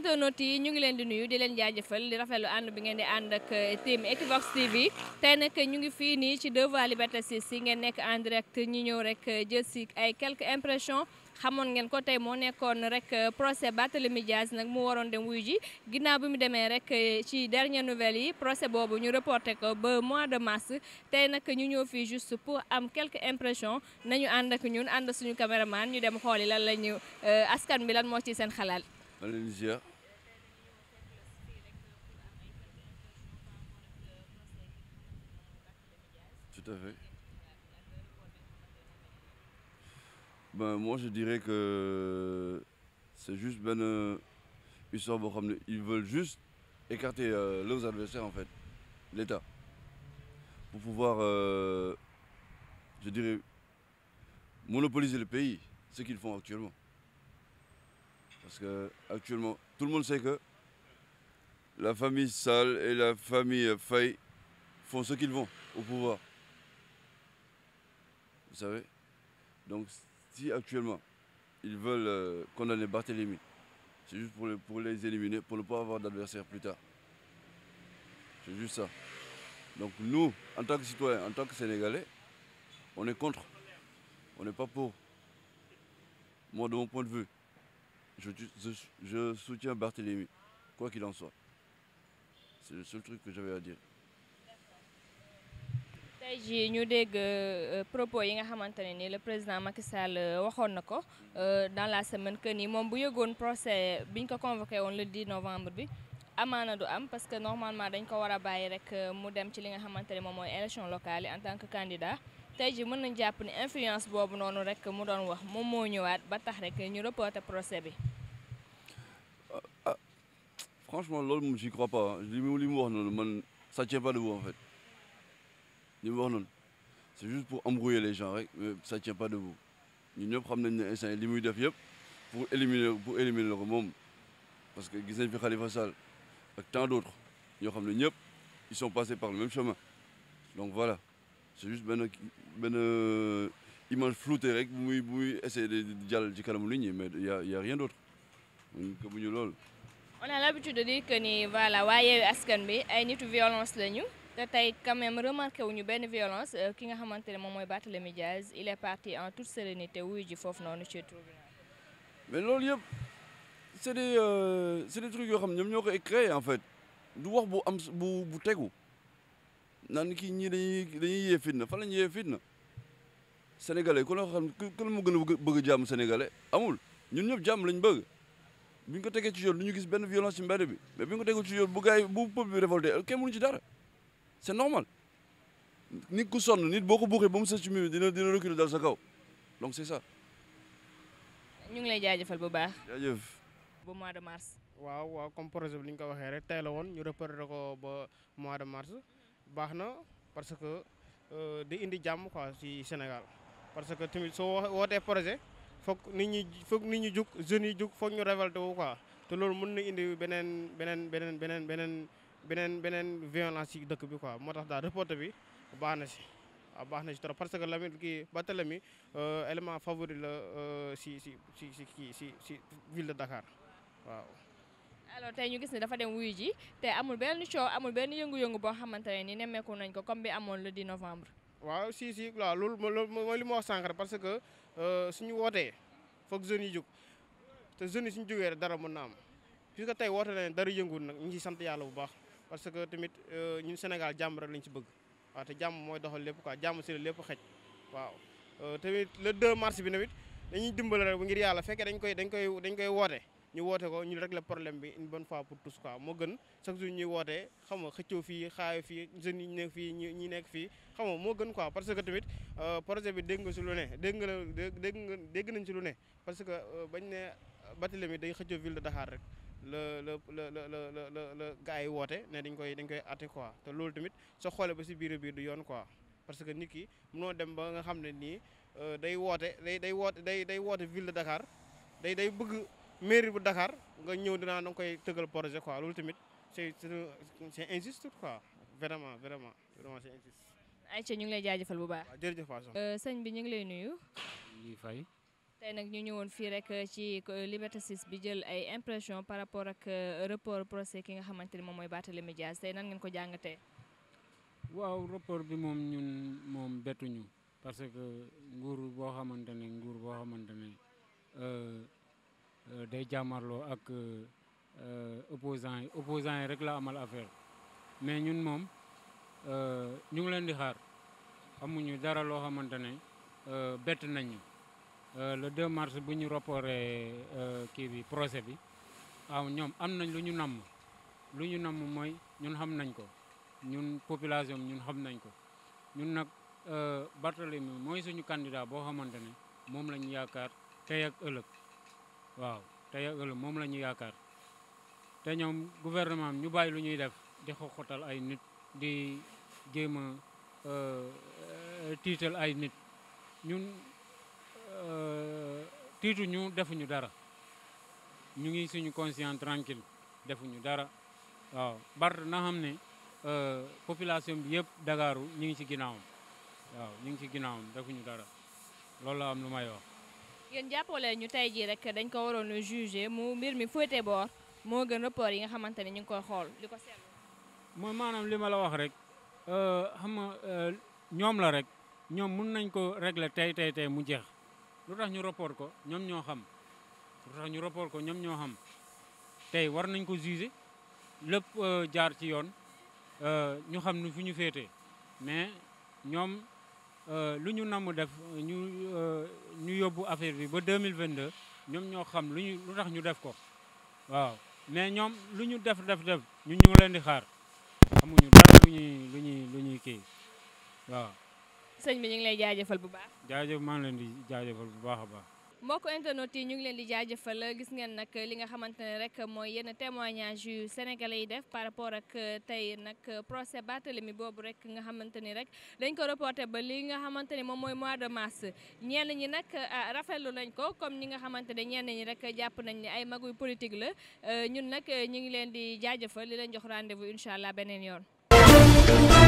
internautes yi ñu ngi leen di di leen jaajëfal di rafetlu ànd bi ngeen di ànd ak eh, team Equivox TV tey nag ñu ngi fii nii ci Devoir Liberté 6 yi ngeen nekk en ñu ñëw rek eh, jël si ay quelques impressions. xamoon ngeen ko tey moo nekkoon rek eh, procès Barthélémy Dias nag mu waroon dem wuy ji ginnaaw bi mu demee rek ci dernière nouvelle yi procès boobu ñu reporté ko ba mois de mars tey nag ñu ñëw fii juste pour am quelques impressions nañu ànd ak ñun ànd suñu caméraman ñu dem xooli lan la ñu askan bi lan moo ci seen xalaat. tout à fait. Ben, moi, je dirais que c'est juste ben, euh, ils veulent juste écarter euh, leurs adversaires, en fait, l'État, pour pouvoir, euh, je dirais, monopoliser le pays, ce qu'ils font actuellement. Parce que actuellement, tout le monde sait que la famille Sall et la famille Faye font ce qu'ils vont au pouvoir. vous savez. Donc si actuellement ils veulent euh, condamner Barthélemy, c'est juste pour les, pour les éliminer, pour ne pas avoir d'adversaire plus tard. C'est juste ça. Donc nous, en tant que citoyens, en tant que Sénégalais, on est contre. On n'est pas pour. Moi, de mon point de vue, je, je, je soutiens Barthélemy, quoi qu'il en soit. C'est le seul truc que j'avais à dire. tey jii ñu dégg euh, propos yi nga xamante ne ni le président Macky Sall euh, waxoon na ko euh, dans la semaine que ni moom bu yëgoon procès ñu ko convoqué woon le di novembre bi amaana du am parce que normalement dañ ko war a bàyyi rek mu dem ci li nga xamante ne moom mooy élection locale yi en tant que candidat tey mën nañ jàpp ni influence boobu noonu rek mu doon wax moom moo ñëwaat ba tax rek ñu reporter procès bi. Ah, ah, franchement loolu mu j'y crois li mu li mu wax noonu li mu wax noonu c'est juste pour embrouiller les gens rek mais ça tient pas debout ñun ñëpp xam nañ ne instant li muy def yëpp pour éliminer pour éliminer ko moom parce que gis nañ fi Khalifa Sall ak tant d'autres ñoo xam ne ñëpp ils sont passés par le même chemin donc voilà c'est juste benn benn euh, image floutée rek bu muy bu muy essayer de jàll ci kanamu nit ñi mais y a y a rien d'autre que bu on a l'habitude de dire que ni voilà waaye askan bi ay nitu violence lañu te tey quand même remarqué wuñu benn violence euh, ki nga xamante ne moom mooy Barthélémy Diaz il est parti en toute sérénité wuyu ji foofu noonu ci tribunal mais loolu yëpp c'est des euh, c'est des trucs yoo xam ñoom ñoo ko créé en fait du wax bu am bu bu tegu naan kii ñii dañuy dañuy yee fitna fan la ñuy yee fitna sénégalais ku la xam ku la mu gën a bëgg jàmm sénégalais amul ñun ñëpp jàmm lañ bëgg bi ñu ko tegee ci yoon du ñu gis benn violence ci mbedd bi mais bi ñu ko tegee ci yoon bu gars yi bu peuple bi révolté kenn mënu ci dara. c'est normal nit ku sonn nit boo ko buuxee ba mu sa ci mimi dina dina reculer dal sa kaw donc c'est ça. ñu ngi lay jaajëfal ba baax. jaajëf. ba mois de mars. waaw waaw comme projet bi li ñu ko waxee rek tey woon ñu reporté ko ba mois de mars baax na parce que euh, di indi jàmm quoi si Sénégal parce que tamit soo wootee projet foog nit ñi foog nit ñi jug jeunes yi jug foog ñu révolté wu quoi te loolu mën na indi beneen beneen beneen beneen beneen. beneen beneen violence dëkk bi quoi moo tax daal reporter bi baax na si waaw baax na si trop parce que Lamine kii Barthélemy euh, élément favori la si la si si kii si si ville Dakar waaw. alors ñu gis ni dafa dem wuyu ji te amul benn coow amul benn yëngu-yëngu boo xamante ne ni nañ ko comme bi amoon le 10 novembre. waaw si si waaw loolu mooy li ma wax parce que euh, suñu wootee foog jeunes yi jóg te jeunes yi suñu jógee dara mun na am puisque tey woote na dara yëngu nag ñu ngi sant yàlla bu baax. parce que tamit euh, ñun Sénégal jàmm rek lañ ci bëgg waaw te jàmm mooy doxal lépp quoi jàmm si la lépp xej waaw euh, tamit le 2 mars bi tamit dañuy dimbali rek bu ngir yàlla fekkee dañ koy dañ koy dañ koy woote ñu woote ko ñu régler problème bi une bonne fois pour tous quoi moo gën chaque jour ñuy woote xam nga xëccoo fii xaayo fii jeunes yi nekk fii ñi nekk fii xam nga moo gën quoi parce que tamit euh, projet bi dégg nga si lu ne dégg nga dégg nga dégg nañ si lu ne parce que bañ ne Barthélémy day xëccoo ville de rek la la la la la la la gars yi woote ne dañ koy dañ koy atte quoi te loolu tamit soo xoolee ba si biir biir du yoon quoi parce que nit ki mënoo dem ba nga xam ne nii euh, day woote day day woote day day woote ville de Dakar day day bëgg mairie bu Dakar nga ñëw dinaa da nga koy tëgal projet quoi loolu tamit c'est c'est injuste quoi vraiment vraiment vraiment c'est injuste. Aïcha ñu ngi lay jaajëfal bu baax. jërëjëf Fatou. Euh, sëñ bi ñu ngi lay nuyu. ñu fay. tey nag ñu ñëwoon fii rek eh, ci eh, Liberté 6 bi jël ay impression par rapport ak eh, report procès ki nga xamante ni moom mooy Barthélémy Dias tey nan ngeen ko jàngatee. waaw report bi moom ñun moom bettuñu parce que nguur boo xamante ne nguur boo xamante ne day jàmmarloo ak opposants yi opposants yi rek la amal affaire mais ñun moom ñu ngi leen di xaar amuñu dara loo xamante ne bett nañu Euh, le 2 mars bu ñu reporté euh, kii bi projet bi waaw ñoom am nañ lu ñu namm lu ñu namm mooy ñun xam nañ ko ñun population bi ñun xam nañ ko ñun nag euh, Barthélemy mooy suñu candidat boo xamante ne moom la yaakaar tey ak ëllëg waaw tey moom la ñu yaakaar te ñoom gouvernement ñu bàyyi lu ñuy def di xotal ay nit di jéem a tiital ay nit ñun. tiituñu defuñu dara ñu ngi suñu conscient tranquille defuñu dara waaw Bart na xam ne euh, population bi yëpp Dakaru ñu ngi ci ginnaawam waaw ñu ngi ci ginnaawam defuñu dara loolu la am lu may wax. yéen jàppale ñu tey jii rek dañ ko waroon a jugé mu mbir mi féete boor moo gën rapport yi nga xamante ne ñu ngi koy xool li ko mooy maanaam li ma la wax rek euh, xam nga euh, ñoom la rek ñoom mun nañ ko régler tey tey tey mu jeex. lu tax ñu rapport ko ñoom ñoo xam lu tax ñu rapport ko ñoom ñoo xam tey war nañ ko juger lépp euh, jaar ci yoon euh, ñu xam ne fu ñu féetee mais ñoom euh, lu ñu namm def ñu ñu yóbbu affaire bi ba mille vingt 2022 ñoom ñoo xam lu ñu lu tax ñu def ko waaw mais ñoom lu ñu def def def ñu ñu leen di xaar amuñu dara lu ñuy lu ñuy lu waaw sëñ bi ñu ngi lay jaajëfal bu baax. jaajëf maa ngi leen di jaajëfal bu baax a baax. internet yi ñu ngi leen di jaajëfal gis ngeen li nga xamante ne rek mooy yenn témoignage yu sénégalais yi def par rapport ak euh, tey nag euh, procès Barthélemy boobu rek nga xamante ni rek dañ ko reporté ba li nga xamante ni moom mooy mois de mars ñenn ñi nag euh, ah, rafetlu nañ ko comme ñi nga xamante ne ñenn ñi rek jàpp nañ ni ay maguy politique la ñun nag ñu ngi leen di jaajëfal li lañ jox rendez-vous incha allah beneen yoon.